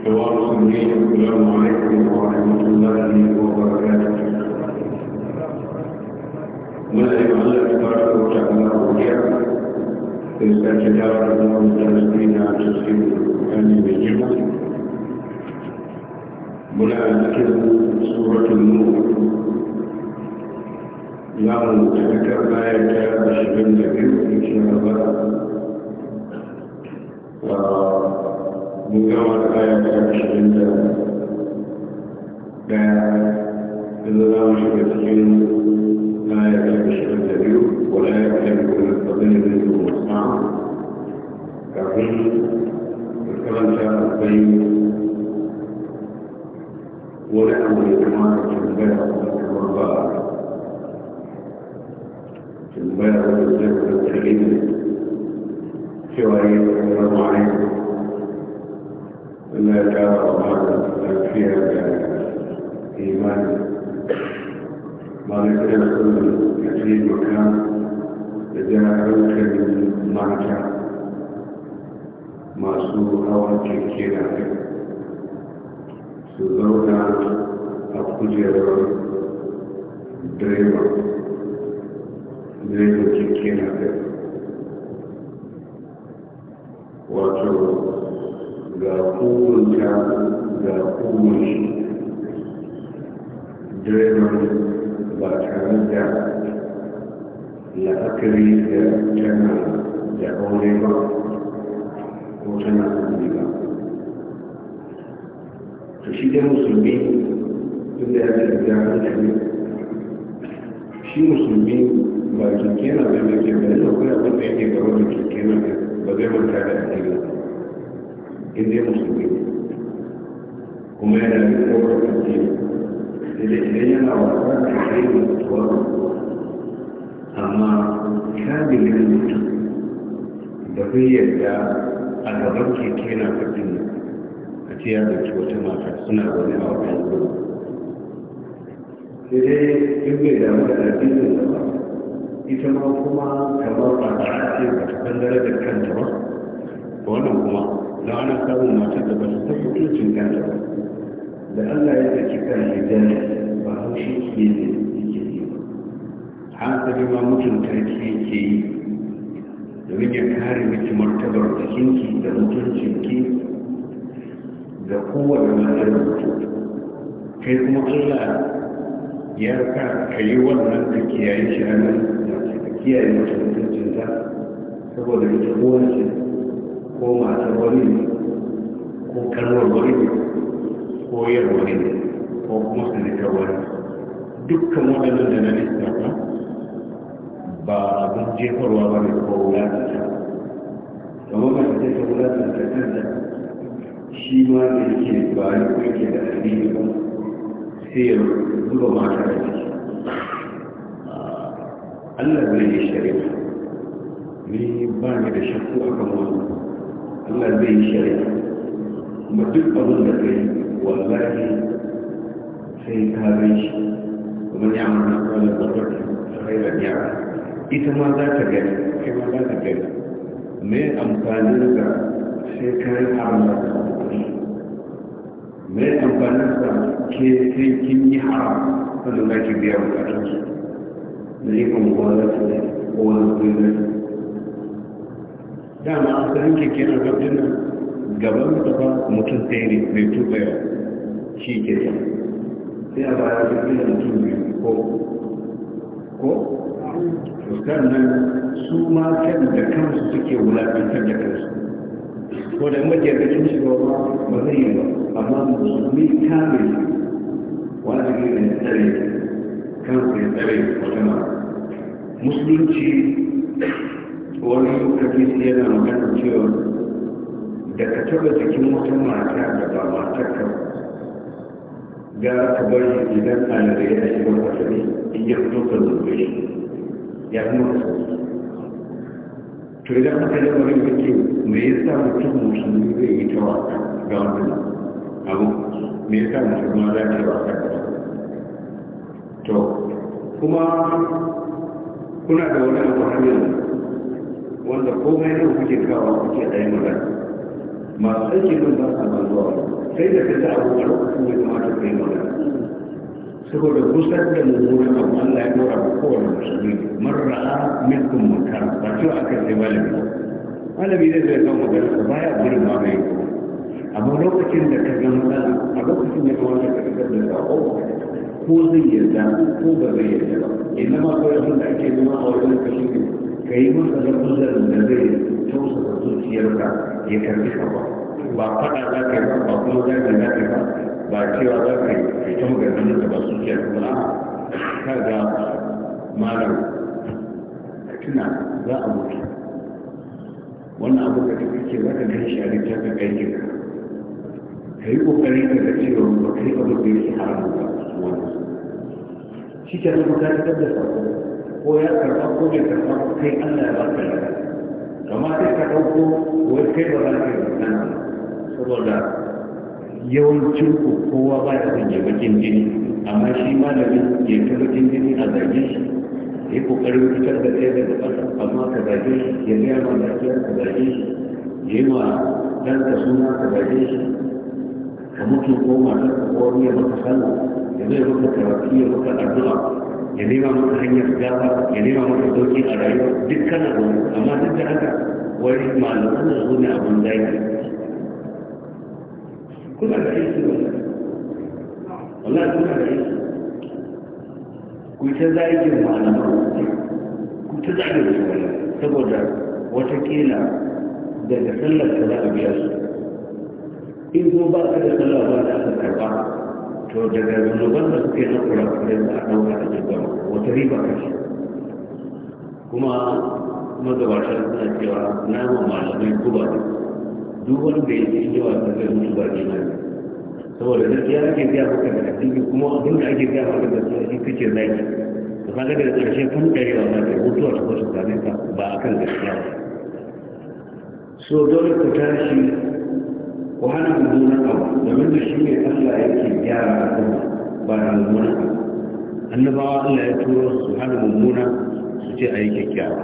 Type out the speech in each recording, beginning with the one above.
حوار سنين السلام عليكم ورحمة الله وبركاته ملك الله تبارك وتعالى وجعل استجدار الله الفلسطين تسلم أن بالجمع بلا ذكر سورة النور لا متذكر آية أشهد أن إن شاء الله مجرد آية عشرين لا مشكلتين آية عشرين ولا والآية يكون التضيل منه مصنع كأن الكلام شاء البين ونحن لكمان تنبيه والباء تنبيه والجنة الكريمة شوائب الرمعين إلا جاء رمضان تكفيها بإيمان ما نكتب كل تكليف مكان إذا أوكل معك ما سوء أو كيكينا سوزونا أبقجر دريبا دريبا كيكينا wato kowace da kowace direban ba tare da la'akari da tana da aure ba ko tana kuɗi ba ta shi dai musulmi tun ya ce da hankali shi musulmi ba keke na da ke da kuma da yake ba zai manta da inda ya musulmi kuma yana da kowar kanci da da idan yana wasa da kai da mutuwa amma kamilin mutum ba zai yarda a gaban keke na kudin a ce ya dauki wata mata suna zaune a wata yi yanzu sai dai duk bai damu da addinin da ba ita ma kuma kamar ba ta ake ba ta kan darajar kanta ba wannan kuma da ana samun matar da basu su taɓa kuncin kanta ba da allah ya saki kan hijira ba haushi ke ne yake yi ba hankali ma mutunta ki yake yi domin ya kare miki martabar jikinki da mutuncinki ga kowane matar mutum kai kuma allah ya ka kayi wannan ka kiyaye shi a nan da kiyaye mutuncinta saboda ita kowace ko matar wani ne ko kalmar wani ne ko yar wani ne ko kuma sanatar wani dukkan waɗannan da na lissafa ba abin jefarwa ba ne ko wulatanta domin ba ta ta wulatanta kanta shi ma da yake ba ya kuke da alheri ba sai ya zuba mata da ciki ah, Allah bai yi shari'a ni ba ni da shakku akan wannan Allah zai yi shari'a kuma duk abin da kai wallahi sai ka bai shi kuma ya amana kwanan zaɓar khairar yara ita ma za ta gani kai ma za ta gani me amfani ka sai ka yi haramta me amfanin ka ke sai kin yi haram sannan za ki biya bukatunsu da ikon kwanan zaɓar kowane kwanan dama asalin keke na gabin nan gaban gaba mutum sai ne mai tuka yau shi ke ta, sai a baya ta fi mutum ne ko ko nan su ma kan da kansu suke wulaƙantar da kansu ko da majiyar da cin shiga ba zai yi ba amma musulmi kamil wajibi ne tsare kansu ya tsare wata musulunci wani hadisi yana magana cewa da ka taba jikin wata mata da ba mata ka ga ka bari idan ɗalibai ya shiga kwatari in ya fito ka zobe shi ya kuma ka sauki to idan aka yi wani mutum me yasa mutum musulmi zai yi ta waka ga wani abu me yasa mutum ma za ta waka? ga to kuma kuna da wani abu har wanda komai nan kuke kawo kuke yi magana masu aiki nan ba sa manzuwa sai da kanta abubuwan kuma ya kamata ka yi magana saboda gusar da mummunan abu Allah ya dora ba kowane musulmi marra minkum mutar ba cewa aka sai malami malami zai zai kawo magana ba ya gurin ma mai amma lokacin da ka ga matsala a lokacin ya kamata ka fitar da sako ko zai yarda ko ba zai yarda ba inna ma kawai sun da ake zama a wajen kashi ka yi musu lafuzar da zai tausasa zuciyarka ya karbi ka ba ba faɗa za ka yi ba ba kuma za ka yi ba ba cewa za ka yi ka ta maganin da ba zuciyar kuma ka ga malam ka tuna za a mutu wannan abu da kake za ka kai shi a littafin aikin ka ka yi ƙoƙarin ka ga cewa ba ka yi abu da yake haramun ba wannan shi ke nan ka tabbatar da ko ya karɓa ko ya karɓa kai Allah ya ba ka lada amma sai ka ɗauko ya kai ba za ka yi nan saboda yawancin ku kowa ba ya son ya bakin jini amma shi malamin ya ta bakin jini a zage shi ya yi kokarin fitar da ɗaya daga ƙasa amma ka zage shi ya biya ma lafiya ka zage shi ya yi ma ɗanka suna ka zage shi ka mutu ko matar ka ko wani ya maka sallah ya zai maka karatu ya maka addu'a ya nema maka hanyar gafa ya nema maka sauki a rayuwa duk kana wani amma duk da haka wani malaman da zo ne abin zaki kuna da aiki wannan wallahi kuna da aiki ku ta zagin malaman ku ta zagin su wannan saboda watakila daga sallar ta za a biya su in ko ba ka da sallah ba za ka karba جو جگہ بندوبست رکھتے ہیں تھوڑا تھوڑے آٹھوں کا جو کام وہ چلی پا رہی کما مدد بادشاہ کا جو نہ وہ مال میں خوب آ گئی دوبل دے دی جو آتا ہے ان کو بڑھ جائے تو وہ رضا کیا کہ کیا ہو کے بڑھتی کہ کما ابھی نہیں کہ کیا ہو کے بڑھتی ہے ایک پیچھے نہیں تو کہا کہ رضا کیا کم کہہ رہا ہے وہ تو اٹھو سکتا ہے با آکل گشتا ہے سو دور کٹھا ku hana mummunan abu domin da shi ne Allah yake gyara a kuma ba da mummunan annabawa Allah ya turo su hana mummuna su ce a yi kyakkyawa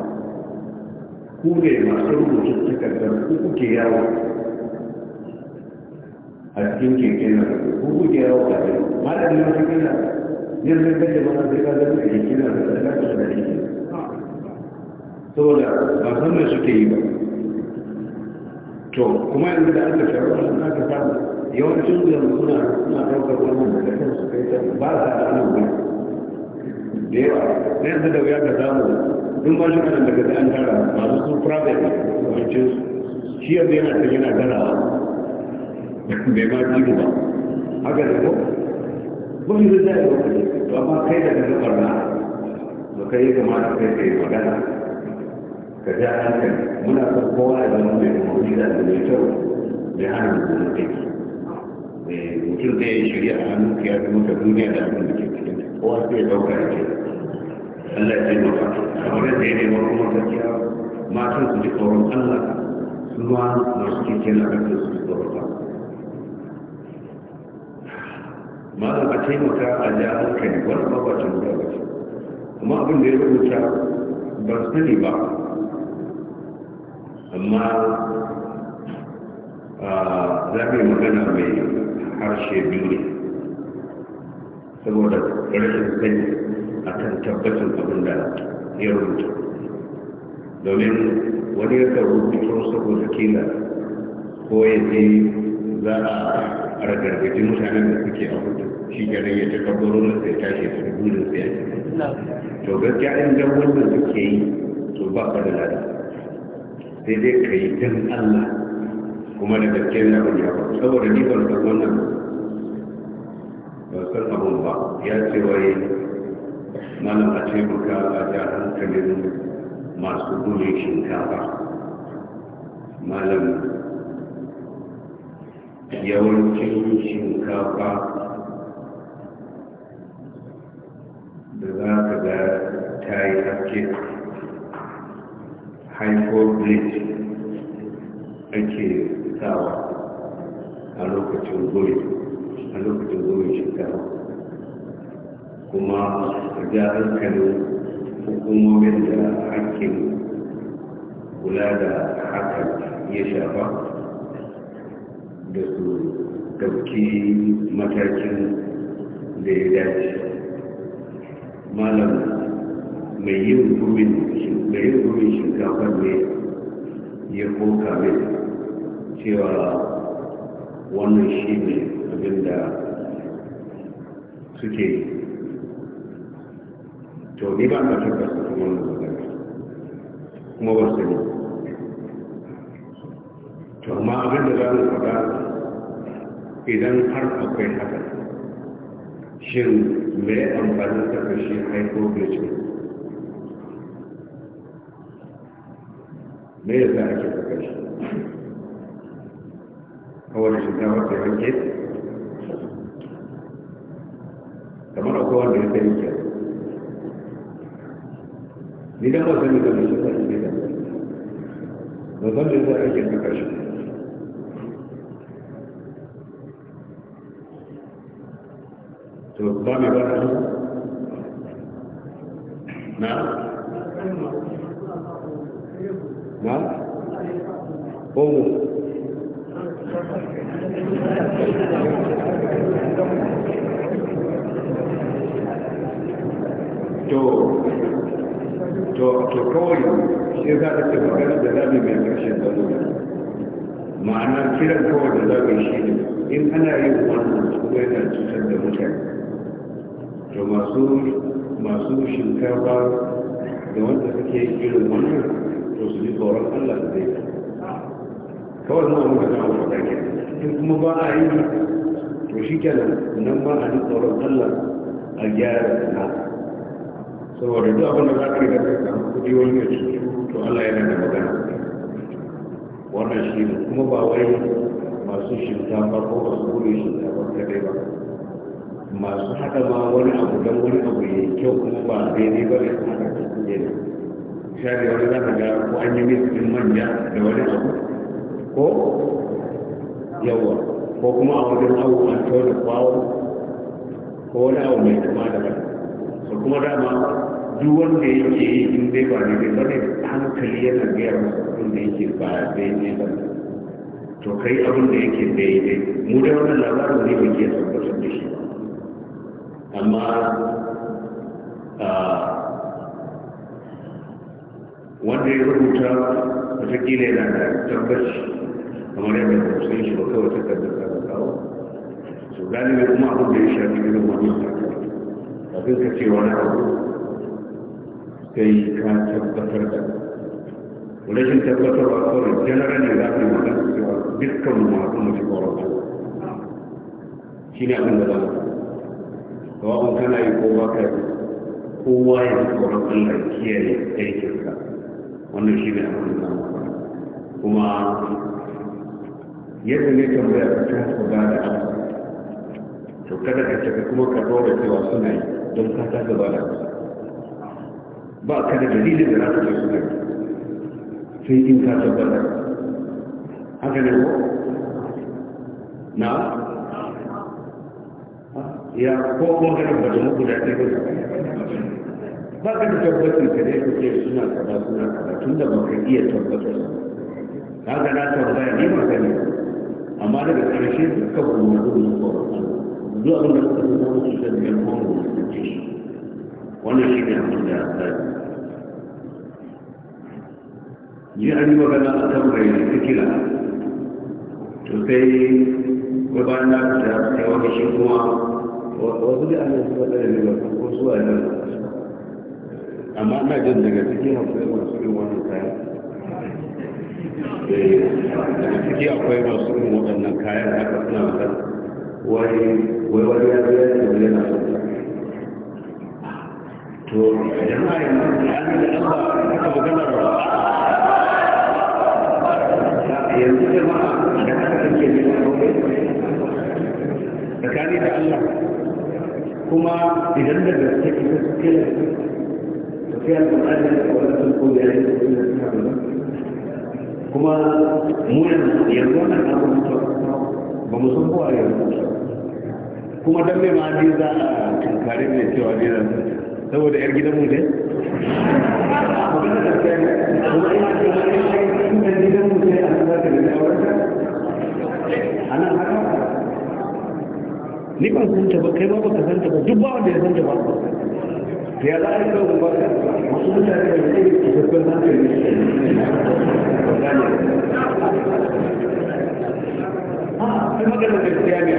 ku ne masu rubutu takardar ku kuke yawo a cikin keke na ku kuke yawo a cikin malamin wata kina yin zai kaje mana zai ka zama keke na da zai ka shi da keke saboda ba san me suke yi ba to kuma yanzu da aka sharu a nan aka samu yawancin da suna suna daukar wannan da kan su kai ta ba sa da nan ba da yawa na yanzu da wuya ka samu duk ba shi kanan daga an tara masu su private yawancin su shi yanzu yana ta yana tara bai ma ji ba haka da ko ba shi zai zai lokaci to amma kai da ka zubar na ba kai kamata kai kai magana موسیع مچھلی مت آ جائے برف باپ چلو میرے گوچا برس amma za ka yi magana mai harshe biyu ne saboda rashin sani a kan tabbacin abin da ya rubuta domin wani yakan rubuta saboda kila ko ya ce za a ragargaji mutanen da suke a hutu shi gari ya ta kabbaro na sai tashi ta burin sai to gaskiya in dan wannan suke yi to ba ka da lalata sai dai ka yi don Allah kuma da gaske na abin ya saboda ni ban san wannan ba san abin ba ya ce wai malam a taimaka a ja hankalin masu gudun shinkafa malam yawancin shinkafa da za ka ga ta yi haske hybrid ake sawa a lokacin goyi a lokacin shekara kuma a hankalin hukumomin da hakkin kula da hakan ya shafa da su ɗauki matakin da ya dace malam mai yin gumin mai gurin shinkafar ne ya koka min cewa wannan shi ne abinda suke to ni ba ka tabbata kuma wannan magana kuma ba su ne to amma abinda za mu faɗa idan har akwai haka shin mai amfanin tafashi haifo da cikin me yasa ake saka shi kawai shinkafa sai wanke kamar akwai wanda ya sani ke ni da wasan da zai shi sai ne da ba zan da zai ake saka shi to ba mai ba ogo to to to kawai shi za ka ce magana da zaɓi mai ƙarshen zalo ma'ana kiran kawai da zaɓi shi ne in ana yin wannan kuma yana cutar da mutane to masu masu shinkafa da wanda suke irin wannan to su ji tsoron allah da zai kawai mu muka zama faɗa ke in kuma ba a yi to shi kenan nan ba a ji tsoron Allah a gyara na saboda duk abin da za ka riga ka samu kuɗi wani ya ci to Allah yana da magana wannan shi kuma ba wai masu shinkafa ko masu gudu shinkafa kadai ba masu haka ma wani abu don wani abu ya yi kyau kuma ba daidai ba ne su haɗa su ne misali wani za ka ga ko an yi mix manja da wani abu ko yawa ko kuma a wajen abu an tona kwawo ko wani abu mai kuma da ba su kuma dama duk wanda yake yi in dai ba ne dai bane hankali yana gaya masa abin da yake ba ne ba to kai abin da yake ne mu da wannan labarin ne bai iya tabbatar da shi amma wanda ya rubuta wataƙila yana da tabbaci kamar yadda ba san shi ba kawai ta kan da ka kawo so galibi kuma abu da ya shafi irin wannan sakar kafin ka ce wani abu sai ka tabbatar da rashin ba kawai general ne za ka yi magana cewa dukkan masu mutu tsoron shi ne abin da za mu kawai kana yi ko ba ka yi kowa ya fi tsoron Allah kiyaye aikinsa wannan shi ne abin da kuma yadda ne tambaya ka ta su ba da amsa to kada ka ce kuma ka kawo da cewa suna yi don ka ta gaba da amsa ba ka da dalilin da za ka ce suna yi sai in ka tabbata haka ne ko na ya ko kuma ka tabbata muku da ɗaya ba ka da tabbatin ka dai kuke suna kaza suna kaza tun da ba ka iya tabbatar haka na tambaya ne ba ka ne amma daga ƙarshe duka gona da na tsoron zuwa abin da suka zama mutu da biyar kwaro da wani ce shi wannan shi ne abin da ya tsari ni an yi magana a kan bai da fikira to sai gabana da sai wani shi kuma wasu da ana zuwa da ne ba ko zuwa da amma ina jin daga cikin hankali su yi wani kayan ciki akwai masu yin waɗannan kayan haka suna da wani wani ya zai da wani yana son to idan a yi masu an da an ba haka maganar ba yanzu jama'a da haka kake ne tsakani da Allah kuma idan da gaske kika suke da tafiya da Allah da wani sun koya ne da suna da kuma muna yanzu wannan kuma mutuwa ba mu san kowa yanzu kuma don mai ma'adi za a tunkari ne cewa ne da saboda yar gidan mu ne kuma ni ban san ta ba kai ba baka san ta ba duk ba wanda ya san ta ba ya za a baka masu mutane da ke da babban ta magana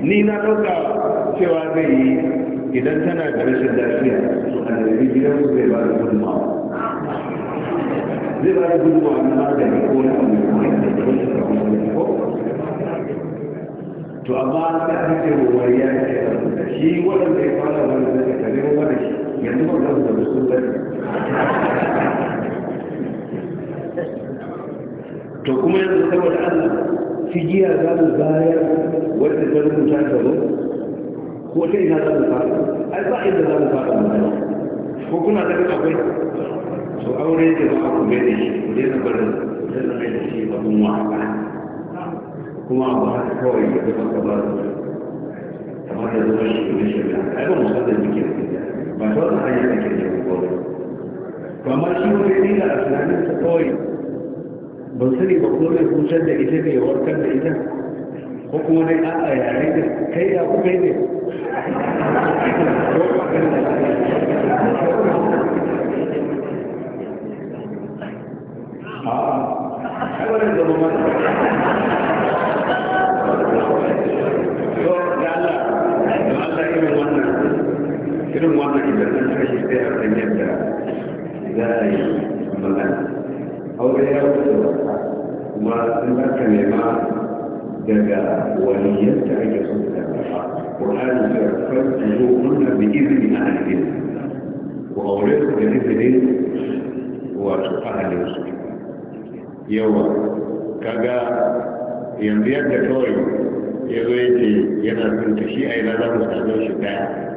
ni na ɗauka cewa zai yi idan tana da rashin lafiya a da gidan zai ba da gudunmawa zai ba da gudunmawa na magani ko na abu ko? to amma da aka ce wa wariya ke da shi waɗanda ya fara wani da ka kare wa da shi yanzu ba za mu da su da to kuma yanzu saboda Allah fijiya za mu bayar wanda ta rubuta ta zo ko ta ina za mu fara ai ba inda za mu fara mu ko kuna da akwai to aure da ba ku bai da shi ku daina barin da zai da shi ba mun wa kuma abu haka kawai ya zama kamar kamar da zama shi ne shi ne ai ba musamman jikin ba ta wata hanyar da ke jama kawai ba ma shi wani ne da asirin ta kawai ban sani ba kuma mai kucar da ita ne warkar da ita ko kuma dai a a yare da kai da ku kai ne a'a kawai da zama irin wannan idan an tashi sai a san yadda za a yi magana aure ya wuce wasa kuma sun aka nema daga waliyyanta ake so ta karfa ƙwararri da farko zo kunna da izini a halin ku aure su da izinin wato a halin su yawa kaga yanzu yadda kawai ya zo yake yana sun ta shi a yi rana mu sami shi daya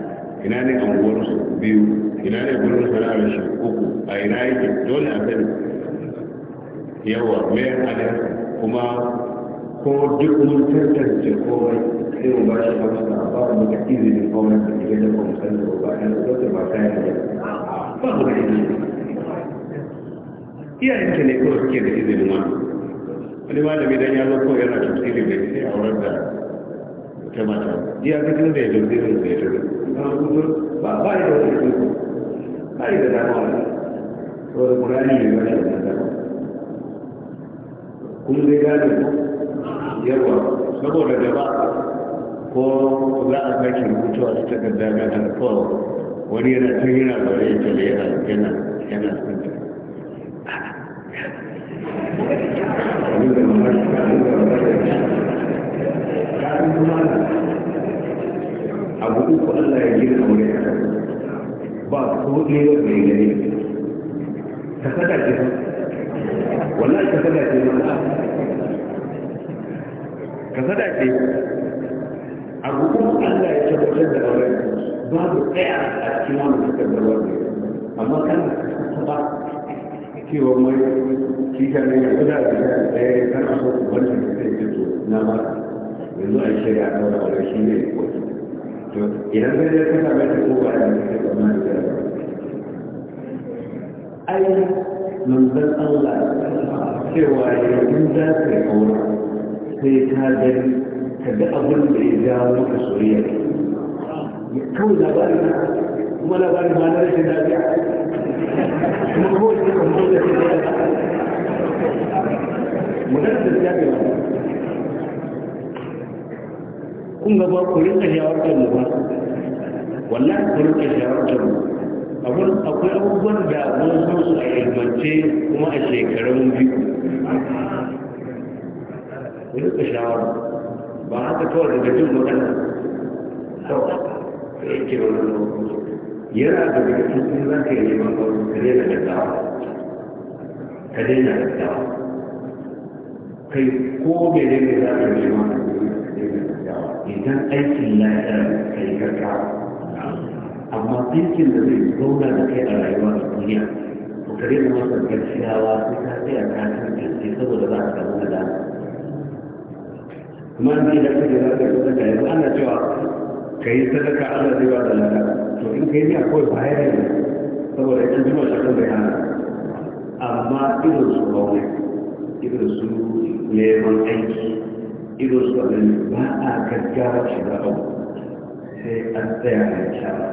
ina ne anguwarsu biyu ina ne gurin sana'ar shi uku a ina yake dole a sani yawa mai adar kuma ko duk mun tantance komai sai mu ba shi amsa ba mu da izinin kawai da ke da kuma da ba yanzu da ba ta yi ba mu da izini iyayen ta ne kawai suke da izinin wani wani malami dan ya zo ko yana ilimin sai a wurin da ta mata iya ga da ya zo da ya zai kamar kusur ba ba ya da wani kusur ba ya da dama wani da kurani ne ba da dama kun zai gane yawa saboda gaba ko za a sake rubutuwa ta takarda ga alfawar wani yana tun yana bare ta da yana yana yana sunta Thank you. abu uku Allah ya gina aure a kan ba ko ne wanda ya gani ta saka ce wallahi ta saka ce ka saka ce abu uku Allah ya tabbatar da aure babu tsaya a cikin wani suka da wani amma kan ba cewa mai kika ne ya kuda da ɗaya kan aso wanda ya ce na ba yanzu a shirya a ɗaura shi ne idan zai zai kasa mai tafi ba da mai tafi amma da ai manzan Allah cewa yanzu za ka yi aure sai ka gani ka ga abin da ya jawo maka soyayya kawai labarin na kuma labarin ma na rashin lafiya kuma kawai sai ka motsa shi da ya mutum da ya ga kun gaba ku rinka shawartar mu ba wallahi ku rinka shawartar mu akwai abubuwan da mun so su a ilmance kuma a shekarun biyu ku rinka shawara ba haka kawai daga jin magana kawai yake wani yana da daga cikin za ka yi neman kawai ka daina gaggawa ka daina gaggawa kai ko bai daina za ka yi neman kawai idan aikin lafiya kai karka amma aikin da zai zauna da kai a rayuwa da duniya ko kare da masa gaskiyawa sai ka tsaya ka tantance saboda za ka samu da kuma zai da kake za ka kusa da yanzu ana cewa ka yi sadaka ana zai ba da lada to in ka yi ne akwai bayan ne saboda yan jima shakar bai hana amma irin su bauta irin su neman aiki ido su a nan ba a gaggara shiga abu sai an tsaya a yi shawara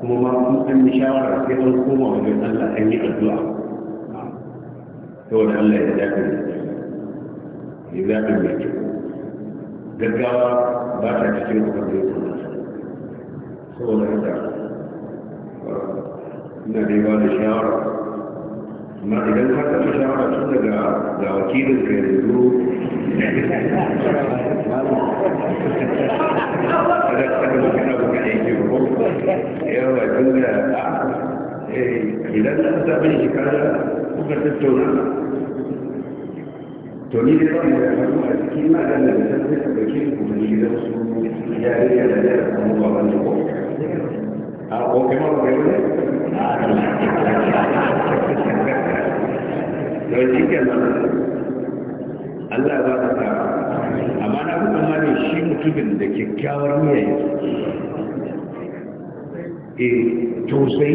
kuma ma kun an yi shawara sai an koma wajen Allah an yi addu'a saboda Allah ya zaɓi ya zaɓi mai kyau gaggawa ba ta cikin abin da ya kamata saboda haka ina da yawa da shawara amma idan ka taɓa shawara tun daga ga wakilin ka yanzu yawa dole a idan na zaɓin shekara kuka tattauna to ni da yawan da faru a cikin ma da nan da sai ka ɗauki kuma gidan su ya yi da da ya samu ba wani ko a ko kai ma ba kai wani to shi kenan Allah ba ka sa amma na fi tsammanin shi mutumin da kyakkyawar niyya yake eh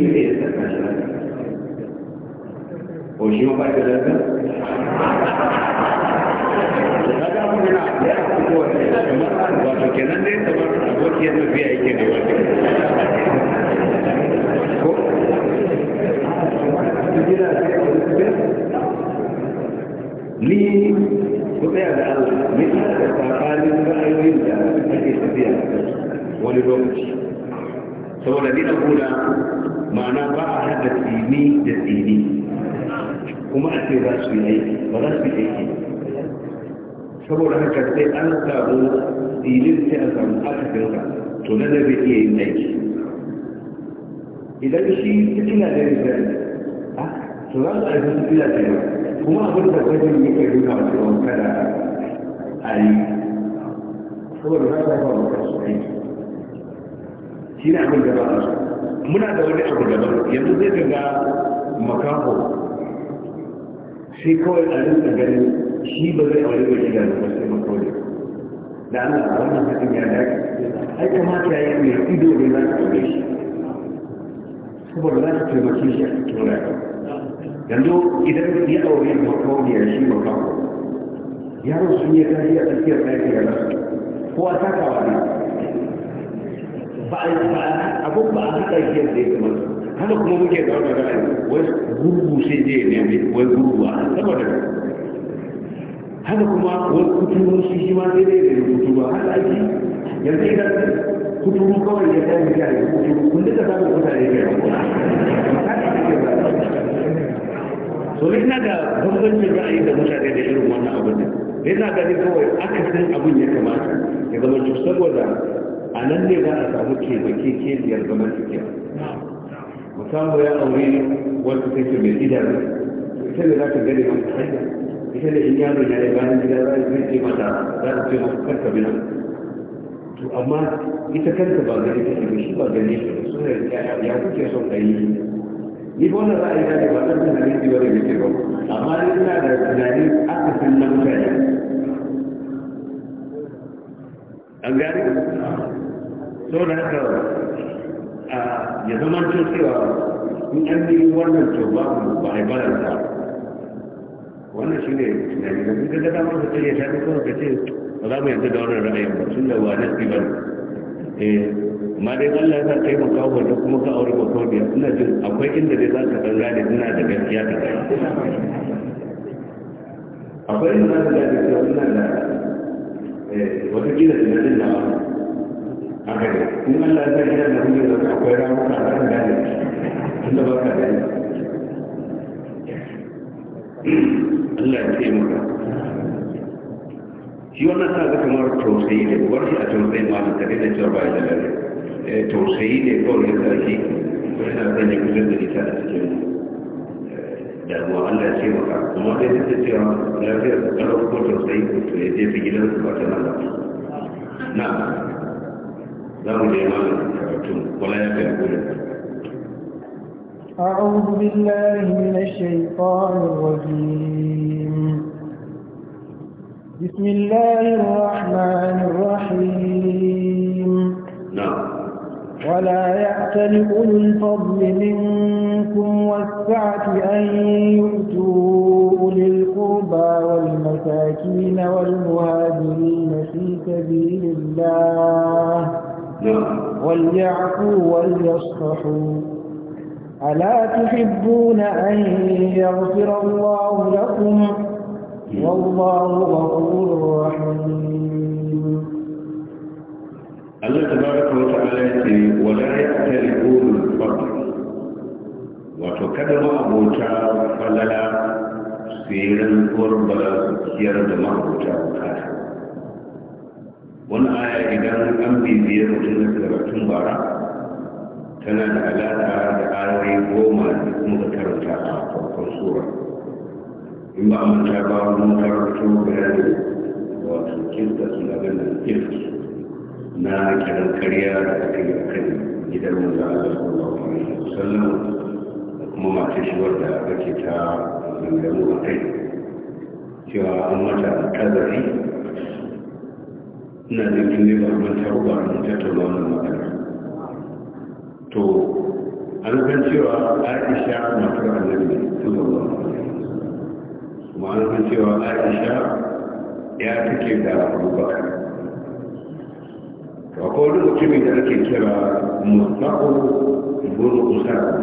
ne ya o shi ma ba da ka kaga mun yana da ko ba to kenan dai kamar abokiyar mafiya yake ne wanda ko ni ku tsaya da Allah ni ina da tsakanin ra'ayoyin da ake tafiya wani lokaci saboda ni kula ma'ana ba a haɗa tsini da tsini kuma a ce za su yi aiki ba za su yi aiki saboda haka sai an samu tsinin sai a samu akasinka to na da zai iya yin aiki idan shi ta kila da yin zai ah, to za su aiki su kila da yawa kuma abin da gwajin yake nuna cewa kada a yi saboda za ta ba maka su aiki shi ne abin da ba a muna da wani abu daban yanzu zai daga makaho sai kawai a rinka ganin shi ba zai aure ba shi da ba sai da Allah a wannan hakan ya dace ai kamata ta yi ido ne za ka aure shi saboda za ka taimake shi a cikin rayuwa yanzu idan ya aure da ya shi makawo yaro sun yi kari a tsakiyar ɗaki da nasu a takawa ne ba a abin ba a haɗa yadda ya kamata haka kuma muke da wani ra'ayi wai gurgu sai je ne mai wai gurgu a saboda haka kuma wani kuturu shi shi ma sai dai da ba haka aiki. yanzu idan kuturu kawai ya kai yi kuturu kun duka samun mutane ne ba so ina da bambancin ra'ayi da mutane da irin wannan abin da yana gani kawai akasin abin ya kamata ya zama duk saboda a nan ne za a samu kebake kebiyar zaman cikin musamman ya aure wanda take mai idanu ita ne za ta gani wani hanya ita ne in yaro ya yi bayan gida za ta ce mata za ta ce mata karka bi to amma ita kanta ba gani ta shi ba gani shi ba su ne ya kuke son ɗari ni ko na ra'ayi da ba zan san hadisi da yake ba amma ni ina da tunani aka san nan mutane an gane so da haka ya zama cewa in an yi wannan to ba ba a yi balanta wannan shi ne tunani da duk da damar da ta yi shaɗi kawai ka ce ba za mu yanzu da wannan ra'ayin ba tun da wa nasi eh amma dai Allah ya kai maka wanda kuma ka aure maka wanda ina jin akwai inda dai za ka danga da ina da gaskiya ta kai akwai inda za ka danga da ina da eh, wata kila da na dinna a kai in Allah ya kai ina da kuma da akwai ramuka da kan gane tunda ba ka gane Allah ya kai maka shi wannan sa ga kamar tausayi ne ubar a tausayi ma da kare da cewa ba ya da lafiya إيه، يقول لك توحيد يكون لذلك فهذا يوجد رساله لأنه على شيء وقع وما في تسيرة لا في أقل أقل تصحيح في يدي في جلال سبات نعم دار الإيمان ولا يبقى أقول أعوذ بالله من الشيطان الرجيم بسم الله الرحمن الرحيم ولا يأتل أولو الفضل منكم والسعة أن يؤتوا أولي القربى والمساكين والمهاجرين في سبيل الله وليعفوا وليصفحوا ألا تحبون أن يغفر الله لكم والله غفور رحيم الله تبارك وتعالى ولا يأتلقون الفضل وتكدر أبوتا فللا سير القرب سير دمعوتا وكاتا ونآية إذن أمبي بيه مجنة كرتون بارا كان على تعالى آره قوما مذكرة أعطاق السورة إما أمتابا مذكرة بهذه وتكدت لغنى الإفس na kiran karya da aka yi kan gidan maza a sallallahu alaihi wasallam da kuma masu shiwar da aka ke ta zangaru a kai cewa an mata kazari ina da jini ba a ta ruba a tattauna wannan magana to an san cewa aisha matar annabi sallallahu alaihi wasallam kuma an san cewa aisha ya take da abubakar akwai wani mutumin da ake kira mustaƙo goro kusa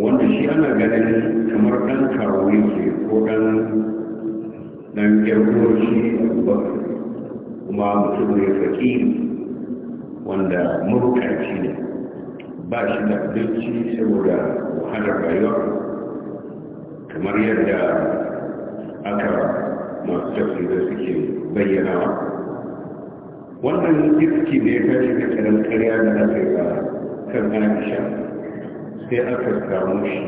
wanda shi ana ganin kamar ɗan kawo yake ko ɗan ɗan ƙirƙiro shi ba kuma mutum ne faƙi wanda mabukaci ne ba shi da abinci saboda wahalar rayuwa kamar yadda aka masu tafiya suke bayyanawa wannan iski ne ya kashe da kanan karya da aka yi kan aisha sai aka samu shi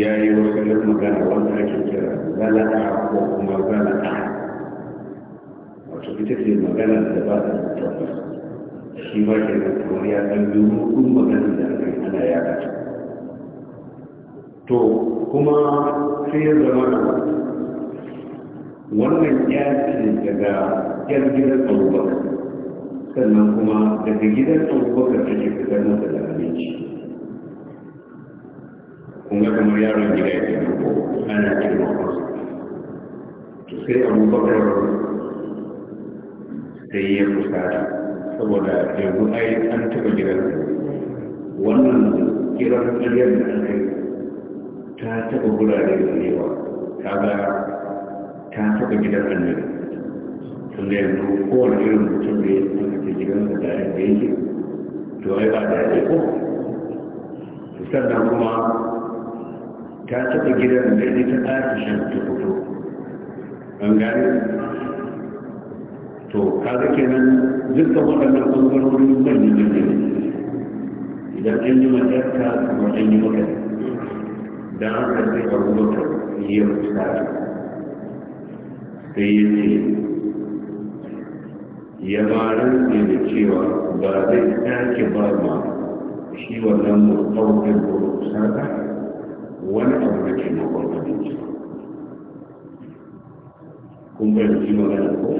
ya yi wasu na magana wanda ake kira a ko kuma a. wato ita ce magana da ba ta tabbas shi ba ke da kamar ya ɗan yi ɗin magana da aka yi ana yaɗa to kuma sai ya zama wannan ya ce daga yar gidan abubakar sannan kuma daga gidan abubakar da ke fitar masa da abinci kun ga kamar yaron gida ya ke ana taimaka to sai abubakar sai ya fusata saboda yanzu ai an taɓa gidan wannan gidan gidan da aka ta taɓa gurare da yawa kaga Kan tu kan kita tanya. Sungai Nukor ni pun sungai itu kita juga ada yang begini. Jauh apa dia tu? Bukan dah lama. Kan tu kan kita tanya di sana tu kan tu kan tu. Anggar. Tu kalau kita ni jadi tu kan tu kan tu kan tu kan tu kan tu kan tu. Jadi ni ni sai ya ce ya ma rantse da cewa ba zai sake ba ma shi wannan mutaukin saka wani abu da ke makon abinci kun bayyanci magana ko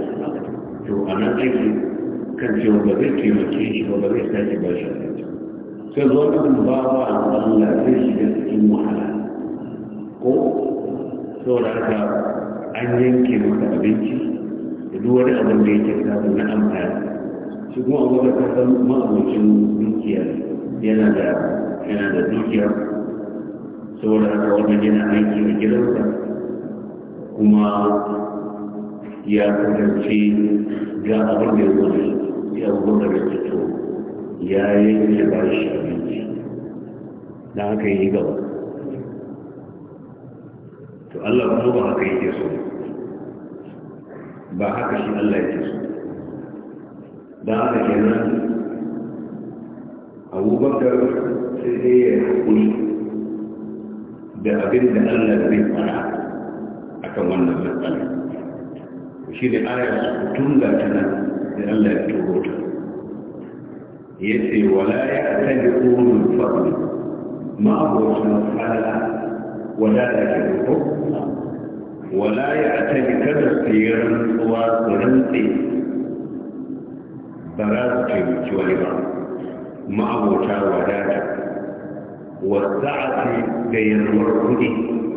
to a nan aiki kan cewa ba zai taimake shi ba ba zai sake ba shi abinci sai zuwa kan bawa Allah zai shiga cikin wahala ko saboda haka an yanke maka abinci da duk wani abin da yake samu na amfani shi kuma abu da kasan ma'abocin dukiya yana da yana da dukiya saboda haka wanda yana aiki a gidansa kuma ya kasance ga abin da ya zo da ya zo da fito ya yanke ba shi abinci da haka yi gaba to Allah kuma ba haka yake so ba haka shi Allah yake so da haka kenan abubakar sai dai ya haƙuri da abin da Allah zai fara a kan wannan matsala shi ne ayar tun ga tana da Allah ya turo ta ya ce wala ya ta ji ƙorin faɗi ma'abocin fara wala da ke ko wala ya atali kada su yi rantsuwa su rantse ba za su taimaki wani ba ma'abota wadata wasu wasa'ati da yalwar kuɗi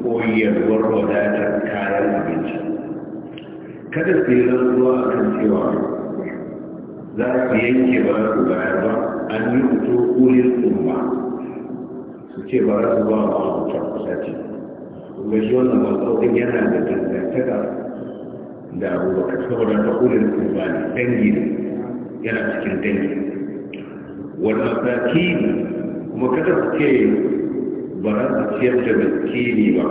ko yalwar wadatar kayan abinci kada su yi rantsuwa a kan cewa za su yanke ba su bayar ba an yi fito kulin umma su ce ba su ba ma'abota kusa ce kuma shi wannan matsaukin yana da dangantaka da abubakar saboda ta kulin kurba ne dangi ne yana cikin dangi wannan saki kuma kada su ce ba za su ciyar da miskini ba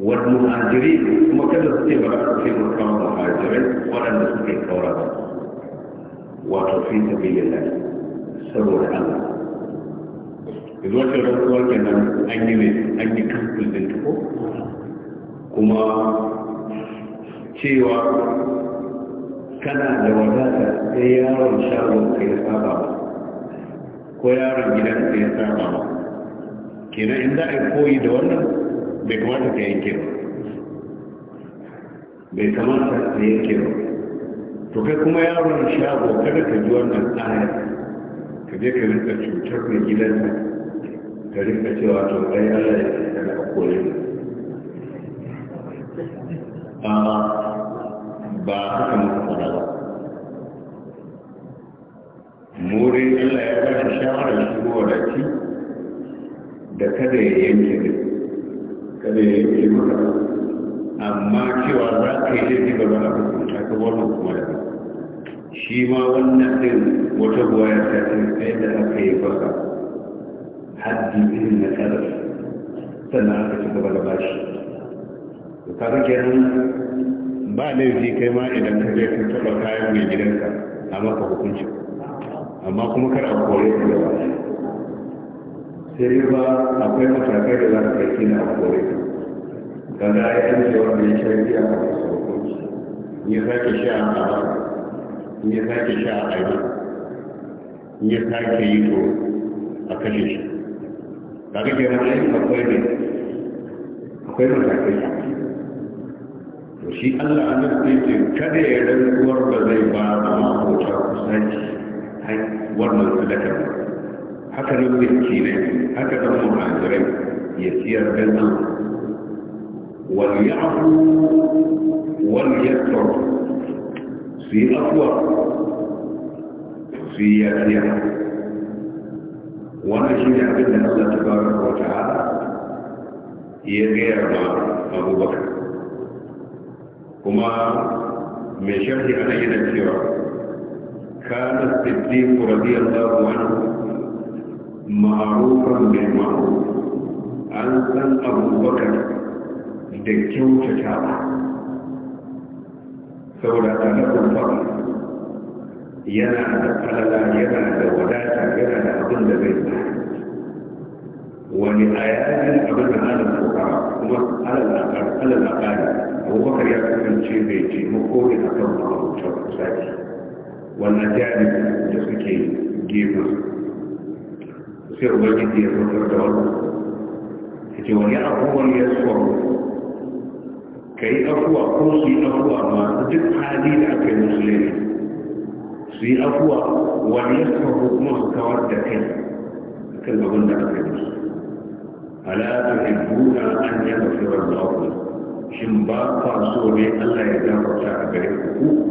wani muhajiri kuma kada su ce ba za su ce musamman muhajirai waɗanda suke kaura ba wato fi tafi lillahi saboda allah yanzu wata rantsuwa kenan an yi mai an yi kansul din ta kuma cewa kana da wadata sai yaron shagon ka ya saba ba ko yaron gidan ka ya saba ba kenan in a koyi da wannan bai kamata ka yanke ba bai kamata ka yanke ba to kai kuma yaron shago kada ka ji wannan tsaya ka je ka rinka cutar mai gidanka ka ce cewa to kai Allah ya ce kana koyi ba ba haka muka fara ba muri Allah ya ba shi shawara shi ko da shi da kada ya yanke kada ya yanke maka amma cewa za ka yi laifi ba za ka kunta ka wannan kuma da shi ma wannan din wata buwaya ta ce da aka yi baka haddi irin na kalar sannan aka ci gaba da bashi to kaga kenan ba laifi kai ma idan ka je ka taba kayan mai gidanka a maka hukunci amma kuma kar a kore ka da sai dai ba akwai matakai da za ka kai kina a kore ka kaga ai an ce wanda ya shari'a a kasa hukunci ya sake sha a kama ya sake sha a aiki ya sake yi to a kashe shi da kake wani akwai ne akwai matakai to shi Allah a nan sai ce kada ya rantsuwar da zai ba da makota kusanci har wannan sadakar haka nan miskinai haka nan muhajirai ya siyar da nan وليعفو وليستر في أقوى في يسير wannan shi ne abin da Allah ta bara wa ta'ala ya gaya ma abubakar kuma mai sharhi ana yana cewa kana Allah radiyallahu anhu ma'rufan bil ma'ruf an san abubakar da kyautatawa saboda ta nufin fadl yana da falala yana da wadata yana da abin da zai sa wani a yayin abin da ana tsoka kuma alalakar alalakar abubakar ya kasance mai taimako ne a kan mahaukacin kusaci wannan jami'in da suke gefen sai ubangiji ya fitar da wannan ya ce wani abubuwan ya tsoro ka yi afuwa ko su yi afuwa masu duk hali da aka yi musulmi في أقوى وليسمى حكمه كورد كلمة كلمة قلنا أكبر ألا تحبون أن يغفر الله شمبا فاسوري ألا يدعو شعب الحقوق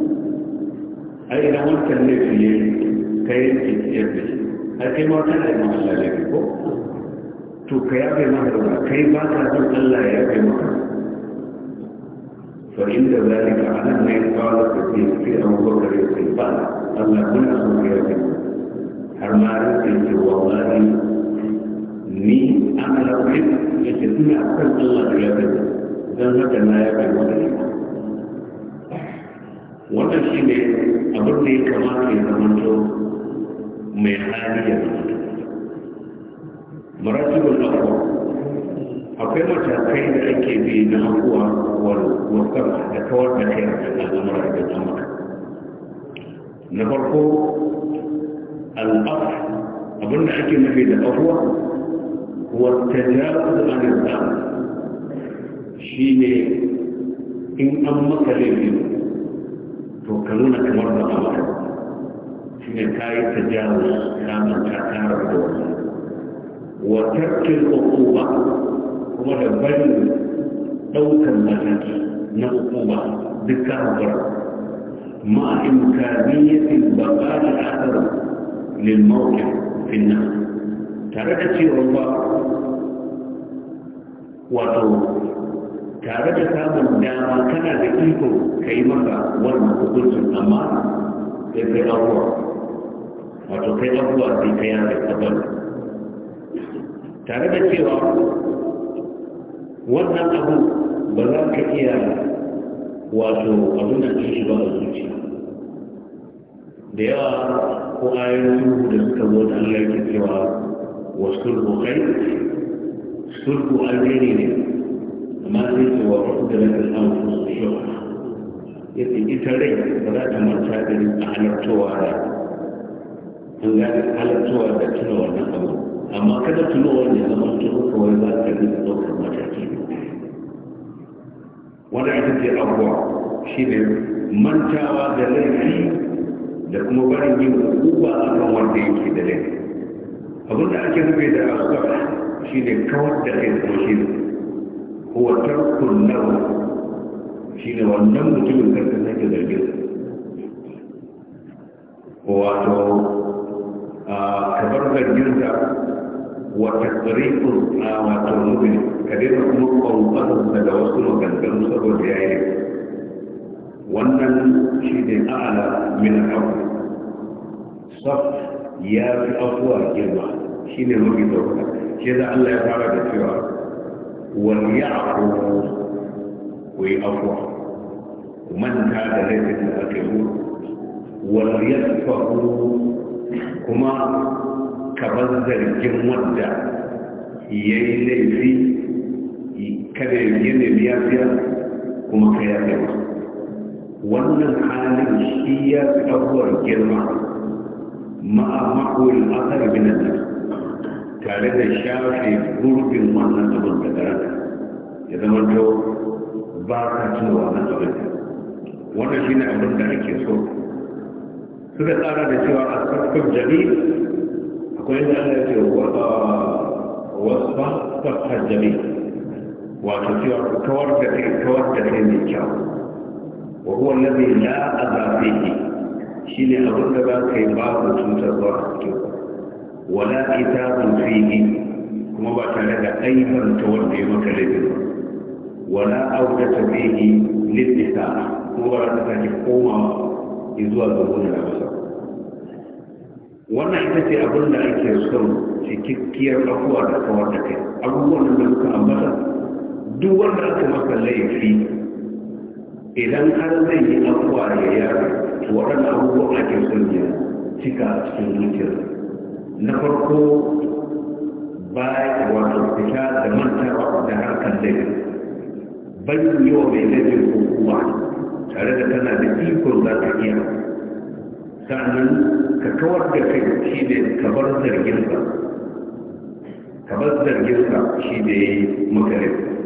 أي لو أنت النبي كيف تتجبس أكي ما كان أي محلة لك تكيابي مهرنا كيف ما كان الله يبي مهرنا وعند ذلك على ما قال كثير في أبو بكر الصديق أما كنا سمعنا في والله ni ana raunin da ke suna kan Allah da ya zai don haka na ya kai wata ne wannan shi ne abin da ya kamata ya zamanto mai hali ya zamanto maratibul akwai akwai matakai da ake bi na hakuwa wasar da kawar da kai a al'amura da zama na farko al'af abinda ake nufi da afuwa wata jaru an islam shi ne in an maka laifin to ka nuna kamar da amara shi ne ta yi ta jaru samun ta tarar da wani wata kin ba kuma da barin ɗaukar mataki na hukuma duk kafar ma imkaniyatin bakar asar lil mawqif fi an-nas tare da cewa ba wato tare da samun dama kana da iko ka yi maka wannan hukuncin amma sai kai abuwa wato kai abuwa sai ka yaga kabar tare da cewa wannan abu ba za ka iya wato abin da shi ba a zuci da yawa ko ayoyin sulhu da suka zo da Allah ke cewa wa sulhu kai sulhu alheri ne amma sai ce wa ku da lafi samu su shiwa ya ce ita rai ba za ta manta da a halartowa da an gane halartowa da tuna wannan abu amma kada tuno wanda zama tuno kawai za ka yi ɗaukar mataki wanda ake ce abuwa shi ne mantawa da laifi da kuma barin yin hukuba a kan wanda yake da laifi abin da ake nufi da abuwa shi ne kawar da kai ko shi ne kowa tarkun nawa shi ne wannan mutumin karka sake zargin wato a kabar zargin da wata tsarikun a wato mutum ka daina kuma kwamfansa da wasu maganganu saboda ya yi wannan shi ne a'ala min abu saf ya fi afuwa girma shi ne mafi ɗauka shi da allah ya fara da cewa wani ya abu ku yi afuwa manta da laifin da ake yi wani ya kuma ka bar zargin wanda ya yi laifi kada ya biye ne biya biya kuma ka ya biya wannan halin shi ya fi abuwar girma ma'a maƙulin asar binan tare da shafe gurbin wannan abin da garanta ya zama to ba ka tuna wannan abin wannan shi ne abin da ake so suka tsara da cewa a sarkar jami'i akwai yadda ana ce wasu ba sarkar jami'i wato cewa kawar da kai kawar da kai mai kyau wa huwa allazi la adha fihi shine abin da ba kai babu cutarwa a cikin wala itabun fihi kuma ba tare da aibin ta wanda ya maka laifin ba wala audata fihi lil isara kuma ba ta sake komawa zuwa ga wani rabasa wannan ita ce abin da ake son cikakkiyar afuwa da kawar da kai abubuwan da suka ambata duk wanda aka maka laifi idan har zai yi abuwa ya yara to waɗanda abubuwan ake son ya cika a cikin zuciyar na farko baya wato fita da mantawa da harkar laifi ban yi wa mai laifin kokowa tare da tana da ikon za ta iya sannan ka kawar da kai shi ne ka bar zarginsa ka bar zarginsa shi ne makarai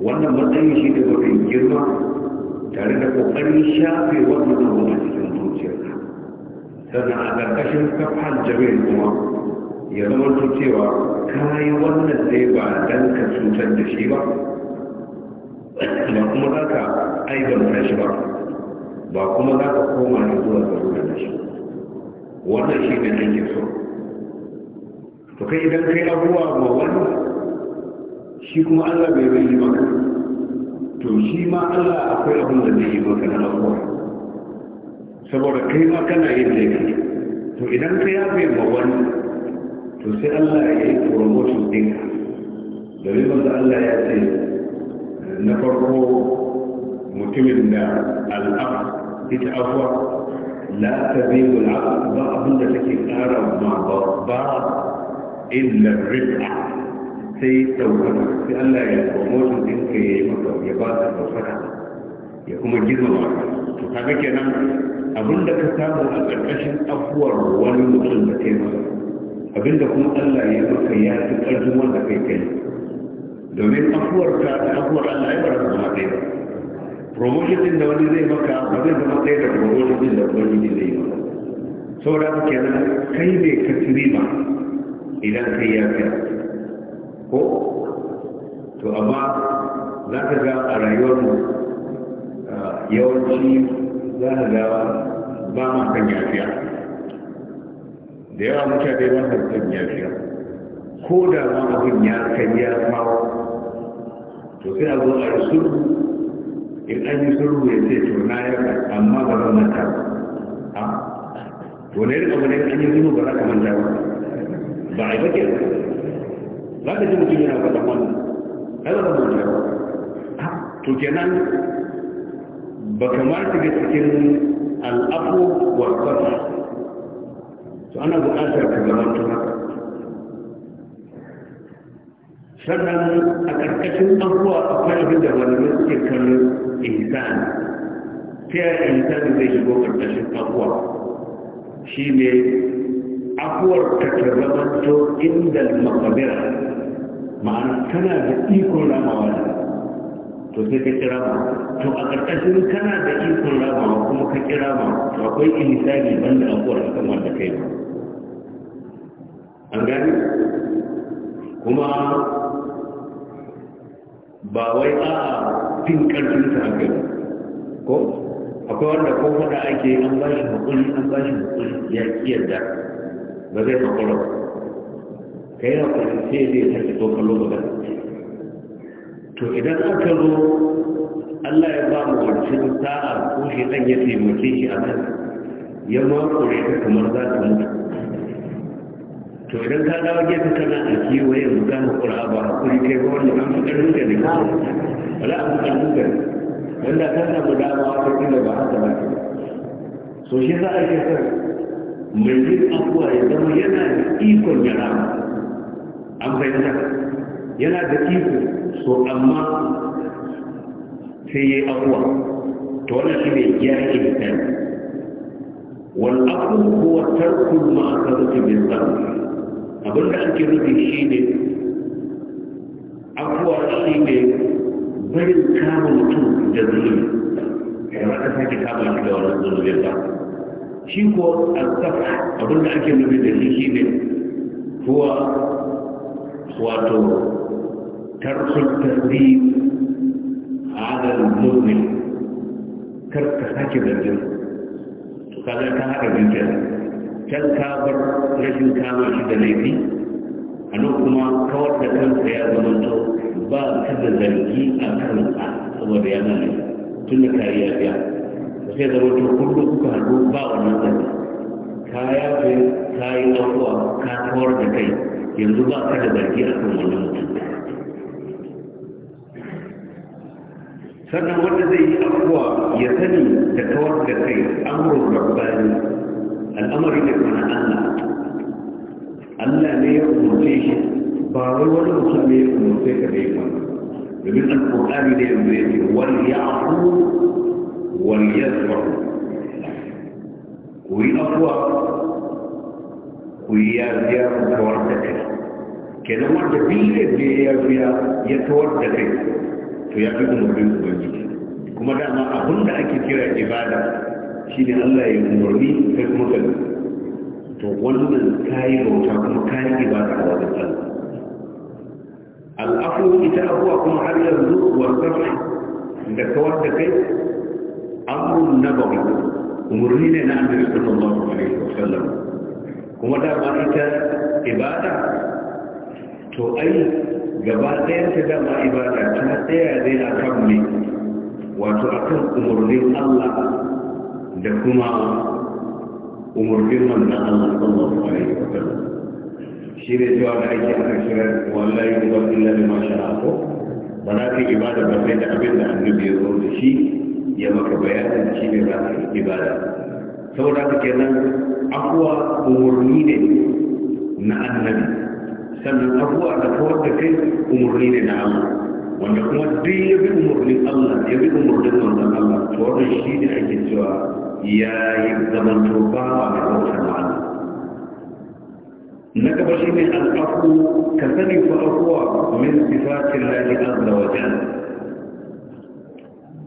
wannan matsayin shi da mafi girma tare da kokarin shafe wani abu a cikin zuciyarka sannan a ƙarƙashin kafan jami'in kuma ya zama su cewa ka yi wannan sai ba dan ka cutar da shi ba ba kuma za ka aibanta shi ba ba kuma za ka koma da zuwa ga da shi wannan shi ne ake so to kai idan kai abuwa ma wani shi kuma allah bai bai yi maka to shi ma allah akwai abin da zai yi maka na abuwa saboda kai ma kana yin laifi to idan ka yafe ma wani to sai allah ya yi promotion ɗinka domin wanda allah ya ce na farko mutumin da al'afu ita afuwa la ta zai wula ba abinda take ƙara ma ba illa rika sai ɗaukaka sai Allah ya promotion din ka ya yi maka ya ba ka ɗaukaka ya kuma gizo ka to kaga kenan abinda ka samu a ƙarƙashin afuwar wani mutum da kai abin abinda kuma Allah ya maka ya fi ƙarfin wanda kai kai domin afuwar ka da afuwar Allah ya bara zama ɗaya ba promotion din da wani zai maka ba zai zama ɗaya da promotion din da wani zai yi maka saboda kenan kai ne ka tsiri ba idan kai ya fi. ko to amma za ka ga a rayuwarmu yawanci za ka ga ba ma kan yafiya da yawa mutane ba sa kan yafiya ko da ma abin ya kan ya kawo to sai a zo a yi in an yi sulhu ya ce to na ya amma ba zan manta ba to ne rika wani an yi sulhu ba za ka manta ba ba a yi ba ke za ka ji mutum yana wani, wannan ai ba zama da yawa to kenan ba kamata ga cikin al'afu wa kwafa to ana buƙatar ka gabatar haka sannan a ƙarƙashin abuwa a abin da malamai suke kan insani ta yaya insani zai shigo ƙarƙashin abuwa shi ne abuwar ta ta zama to inda makabira ma'ana kana da ikon ramawa da to sai ka kira ma to a ƙarƙashin kana da ikon ramawa kuma ka kira ma to akwai ilisani banda abuwar akan wanda kai ba an gani kuma ba wai a fin ƙarfinsa a kai ko akwai wanda ko faɗa ake an ba shi haƙuri an ba shi haƙuri ya ƙiyar da ba zai haƙura ba kayi a kwanan sai zai sake dokar lokacin to idan aka zo allah ya ba mu wancan sa'a ko shi dan ya taimake shi a nan ya ma kure ta kamar za ta mutu to idan ka dawo gefe ta na aiki wani yanzu za mu ba a kuri kai ba wani an fitar nuka ne ba ba za a fitar nuka ne wanda ta samu dama a kai ba haka ba so shi za a yi kai kai. mai yi abuwa ya zama yana da ikon yara an fahimta yana da iko so amma sai ya yi abuwa ta wannan shi ne ya yi misali wal aqul huwa tarku ma akadatu bil zalm abin da ake nufi shine abuwa shine barin kama mutum da zulmi kamar ka sake kama shi da wannan zulmin ba shi ko a safa abin da ake nufi da shi shine kuwa? wato tarkul tasdid ala al-muzlim kar ka sake zargin to kaga ka haɗa bincin can ka bar rashin kama shi da laifi a nan kuma kawar da kansa ya zama ba ka da zargi a kansa saboda yana nan tun da kariya biya sai zama to kullum kuka haɗu ba wannan zargi ka yafe ka yi afuwa ka kawar da kai yanzu ba ka da baki a kan wani mutum sannan wanda zai yi afuwa ya sani da kawar da kai amurin rabbani al'amari da kuma allah allah ne ya umarce shi ba wai wani mutum ne ya umarce ka da ya domin alƙur'ani da yanzu ya ce wani ya afu wani ya zuwa ku yi afuwa ku yi yafiya ku kawar da kai kenan wanda biyu ne ya biya ya kawar da kai to ya fi umarnin ubangiji kuma dama abin da ake kira ibada shi ne allah ya umarni kai kuma ka to wannan kayi bauta kuma kayi ibada a wajen allah al'afu ita abuwa kuma har yanzu wasafi da kawar da kai amrun nabawi umarni ne na annabi sallallahu alaihi wasallam kuma dama ita ibada to ai gaba ɗayan ta dama ibada ta tsaya ne a kan ne wato a kan umarnin Allah da kuma umarnin wannan Allah Allah alaihi wa sallam shi ne cewa da ake aka shirar wallahi ba illa bi ma na ko ba za ka ibada ba sai da abin da annabi ya zo da shi ya maka bayanin shi ne za ka ibada saboda haka kenan akwai umarni ne na annabi sannan abubuwa da kawar da kai umarni ne na Allah wanda kuma duk ya bi umarnin Allah ya bi umarnin manzon Allah to wannan shi ne ake cewa ya yi zaman tofa a kawar da Allah na gaba shi ne al'afu ka sani ku afuwa min sifatin lahi azza wa jalla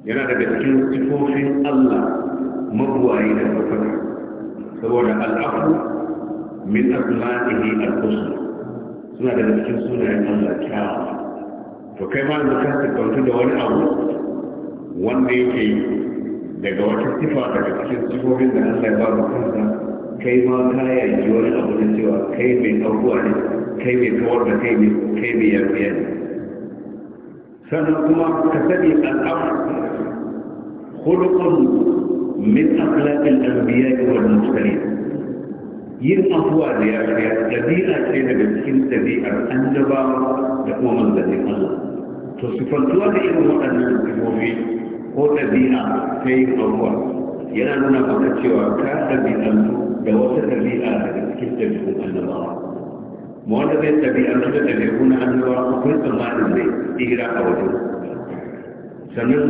yana daga cikin sifofin Allah mabuwayi da mafaka saboda al'afu min asma'ihi al-husna suna daga cikin sunayen Allah kyawa to kai ma da ka siffantu da wani abu wanda yake daga wata sifa daga cikin sifofin da Allah ya ba mu kansa kai ma ka yayi wani abu da cewa kai mai abuwa ne kai mai kawar da kai ne kai mai yarfiya ne sannan kuma ka sani al'amur khuluqun min akhlaqil anbiya'i wal mursalin yin afuwa da ya fiya ɗabi'a ce daga cikin ɗabi'ar an jabawa da kuma manzannin Allah to sifantuwa da irin waɗannan sifofi ko ɗabi'a ta yin afuwa yana nuna maka cewa ka ɗabi'antu da wata ɗabi'a daga cikin ɗabi'un annabawa ma wanda zai ɗabi'antu da ɗabi'un na annabawa akwai tsammanin ne tsira a wajen sannan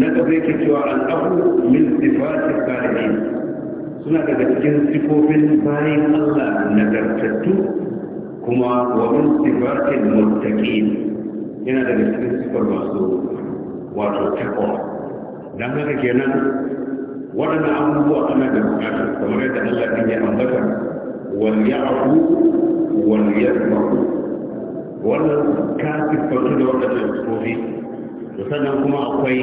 na gaba yake cewa al'afu min sifatin salihin suna daga cikin sifofin bayan Allah nagartattu kuma wa min sifatin muttaqin yana daga cikin sifar masu wato takwa dan haka kenan waɗannan abubuwa ana da bukatar kamar yadda Allah din ya ambata wal ya'fu wal yasmahu wannan kafin sifatu da waɗannan sifofi sannan kuma akwai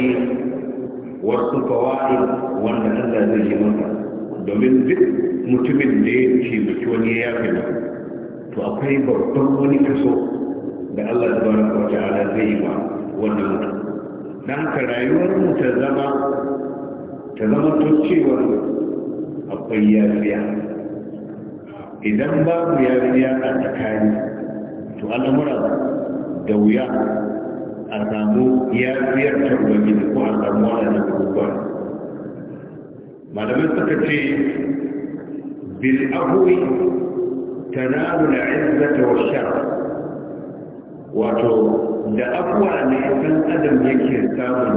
wasu fawaid wanda Allah zai yi maka domin duk mutumin da ya ce mutu wani ya yafe ba to akwai babban wani kaso da Allah da baraka wa ta'ala zai yi ba wannan mutum dan ka rayuwar mu ta zama ta zama to cewa akwai yafiya idan babu yafiya a tsakani to al'amura da wuya a samu yafiyar tarwajin ko a samu wadannan abubuwa malamai suka ce bil'ahuwi tanalu na izzata wa shara wato da afuwa ne ɗan adam yake samun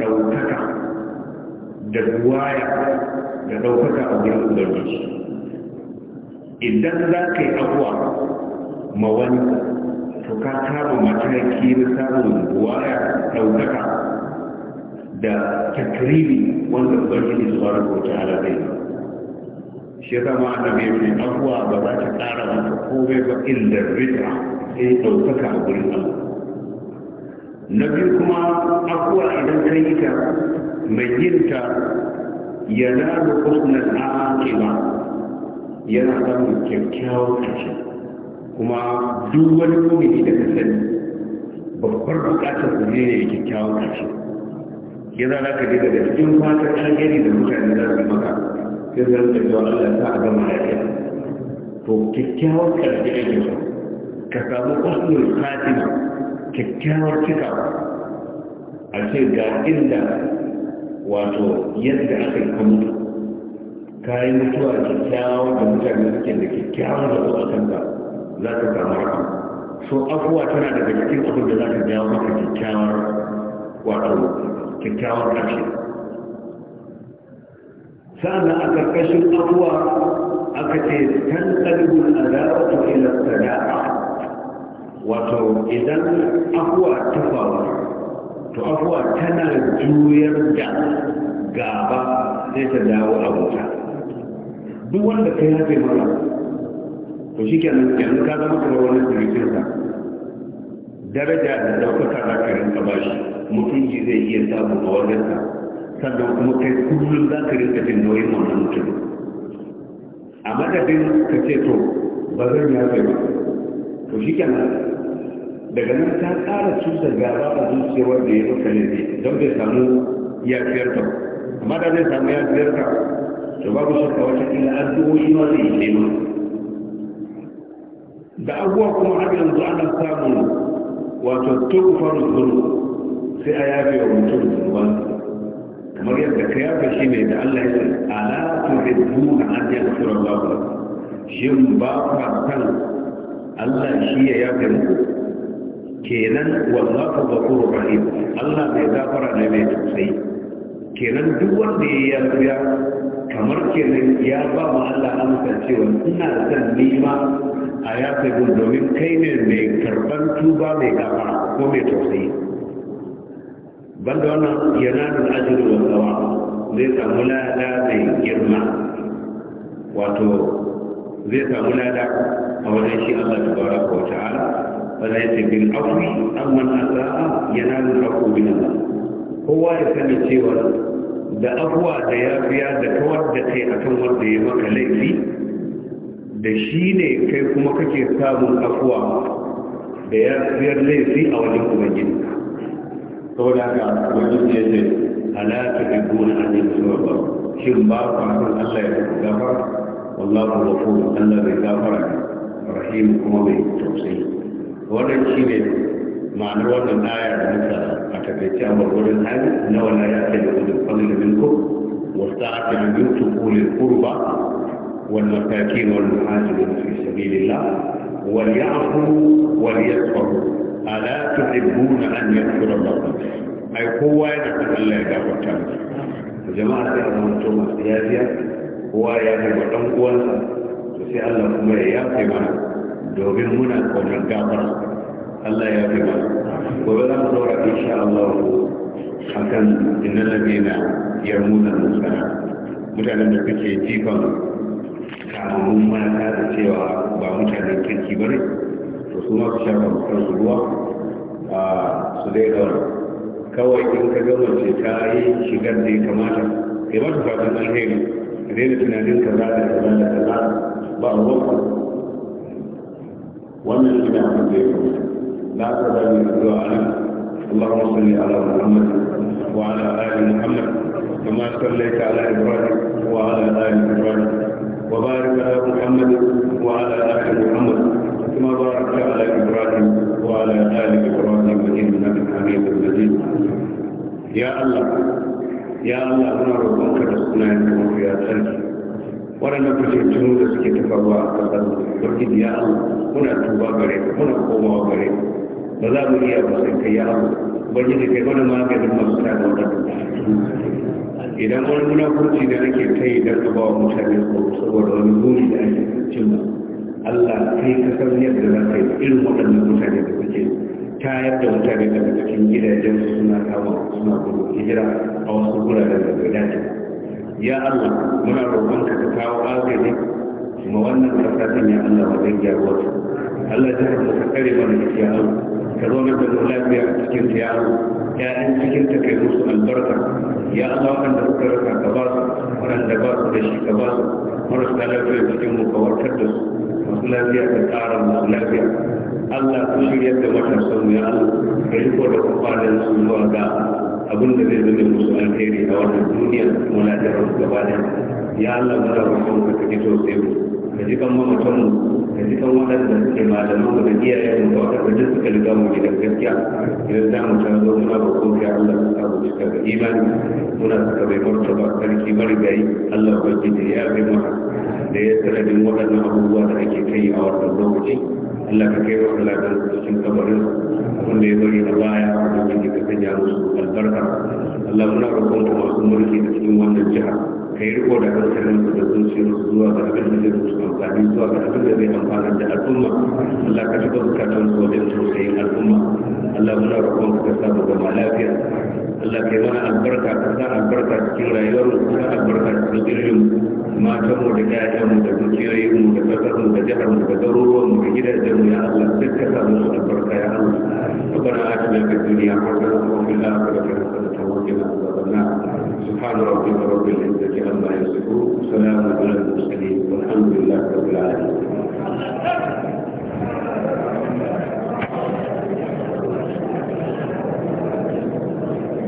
ɗaukaka da duwaya da ɗaukaka a wurin ubangiji idan za ka yi abuwa ma wani to ka samu mataki na samun duwaya ɗaukaka da takribi wanda ubangiji su ba da kowace ala shi ya zama da mai mai abuwa ba za ta tsara masa komai ba inda rita sai ɗaukaka a gurin abu. na biyu kuma abuwa idan ka yi ta mai yin ta yana da kusurin aƙiba yana samun kyakkyawan ƙarshe kuma duk wani mumini da ka sani babbar buƙatar ne ne kyakkyawan ƙarshe yana da ka daga da cikin fatan alheri da mutane za su maka sai zan da zuwa Allah ta a gama lafiya to kyakkyawar karshe ake so ka samu husnul khatima kyakkyawar cikawa a ce ga inda wato yadda aka yi mutu ka yi mutuwa kyakkyawar da mutane suke da kyakkyawar da zuwa kanta za ka samu rakan so afuwa tana daga cikin abin da za ka jawo maka kyakkyawar wato كركاو كرشي فأنا أكركش الأقوى أكتير تنقلب الأذارة إلى التداعة وتو إذن أقوى تفاوة تو تنجو يرجع غابة لتداوى أبوها دوان بكيها في مرة وشي كان يعني كذا مكروا لنا في الجنة daraja da ɗaukaka za ka rinka ba shi mutunci zai iya samu a wajenka sannan kuma kai kullum za ka rinka jin nauyin wannan mutum a madadin ka ce to ba zan ya ba to shi kenan daga nan ta ƙara cuta gaba a zuciya wanda ya maka laifi don bai samu yafiyar ka amma da zai samu yafiyar ka to babu shakka wata kila addu'o'i ma zai yi nema da abubuwa kuma har yanzu ana samun wato tukufaru zuru sai a yafe wa mutum zunuban kamar yadda ka yafe shi ne da Allah ya ce ala tuhibbu an yaghfira Allah lakum shin ba ku san Allah shi ya yafe muku kenan wallahu ghafurur rahim Allah mai gafara ne mai tausayi kenan duk wanda ya yafiya kamar kenan ya ba mu Allah amsa cewa ina son nima a ya sai gun domin kai ne mai karban tuba mai gafara ko mai tausayi banda wannan yana da ajiyar wasawa zai samu lada mai girma wato zai samu lada a wajen shi allah da bara ko ta'ala wanda ya ce bin afi amma na sa'a yana da rako bin allah kowa ya sani cewa da afuwa da ya fiya da kawar da kai akan wanda ya maka laifi da shi ne kai kuma kake samun afuwa da ya siyar laifi a wajen ubangiji saboda haka wajen ya ce halata da gona a cikin suwa ba shin ba kwanan allah ya gafara wallahu ghafur allah bai gafara rahim kuma mai tausayi wannan shi ne ma'anar wannan ayar da muka a takaice a wajen hali na wani ya ce da minko wasu minkum wasta'atu min tuqulil kurba والمساكين والمحاسبين في سبيل الله وليعفوا وليسفروا الا تحبون ان يغفر الله اي هو يدخل الله يدعو التامل جماعة الأمام توما سيازيا هو يعني وطن قوانا سي الله كما يأتي ما دوبين هنا قوانا قابر الله يأتي ما إن شاء الله حكم إن الذين يرمون المسلم متعلم بكي تيفا tunanin ta da cewa ba mutanen kirki ba ne to su ma su shafa kansu ruwa su dai gauna kawai in ka gama ce ta yi shigar da ya kamata kai mata fatan alheri ka daina tunanin ka za da kaza da kaza ba a ruwan wannan shi ne abin da ya kamata na ka zaɓi da zuwa alim اللهم صل على محمد وعلى ال محمد كما صليت على ابراهيم وعلى ال ابراهيم وبارك على محمد وعلى آل محمد كما باركت على إبراهيم وعلى آل إبراهيم إنك حميد مجيد يا الله يا الله أنا ربك رسولنا يكون يا سلام waɗanda kusurtunu da suke tafarwa a ƙasar wakil ya abu muna tuba gare muna komawa gare ba za mu iya ba sai kai ya abu ubangiji kai mana maganin masu tada waɗanda idan wani munafurci da ake ta yi don ba wa mutane ko saboda wani buri da ake cimma allah sai ka san yadda za ka yi irin waɗannan mutane da kuke ta yadda mutane daga cikin gidajen su suna kawo suna gudu hijira a wasu guraren da bai dace ya allah muna roƙon ka kawo agaji kuma wannan kasashen ya allah wajen gyaruwa Allah ya kuma ka kare mana ya Allah ka zo da mu lafiya a cikin ya Allah ya an cikin ta kai musu albarka ya Allah wanda suka raka ka ba su wanda ba su da shi ka ba su marasa lafiya cikin mu ka warkar da su masu lafiya ka tsara masu lafiya Allah ku shirya da matasan ya Allah ka riko da kwanan su zuwa ga abin da zai zama musu alheri a wannan duniya kuma lafiyar gaba da ya Allah muna roƙon ka kake so sai mu ka ji kan mamatan ka kan waɗanda suke malaman mu da iyayen mu da duk suka riga mu gidan gaskiya idan za mu ta zo muna ba ko Allah ka sa mu cika ga imani muna saka bai martaba sarki marigayi Allah da ya kai mu da ya sanadin waɗannan abubuwa da ake kai a wannan lokaci Allah ka kai wa alaƙar cikin kabarin wanda ya bari na baya da wanda ka sanya musu albarka Allah muna roƙon ka masu mulki da cikin wannan jiha ka yi riko da hankalin da zuciyar zuwa ga abin da zai musu amfani zuwa ga abin da zai amfana da al'umma Allah ka shiga bukatun su wajen tausayin al'umma Allah muna roƙon ka sa mu zama lafiya Allah kai mana albarka ka sa albarka cikin rayuwar mu ka albarka cikin irin matan mu da ƴaƴan mu da dukiyoyin mu da kasar mu da jihar mu da garuruwan mu da gidajen mu ya Allah duk ka samu musu albarka ya Allah ربنا da في الدنيا حسنة da الآخرة حسنة وقنا عذاب النار سبحان ربك رب العزة عما يصفون سلام على المرسلين والحمد لله رب العالمين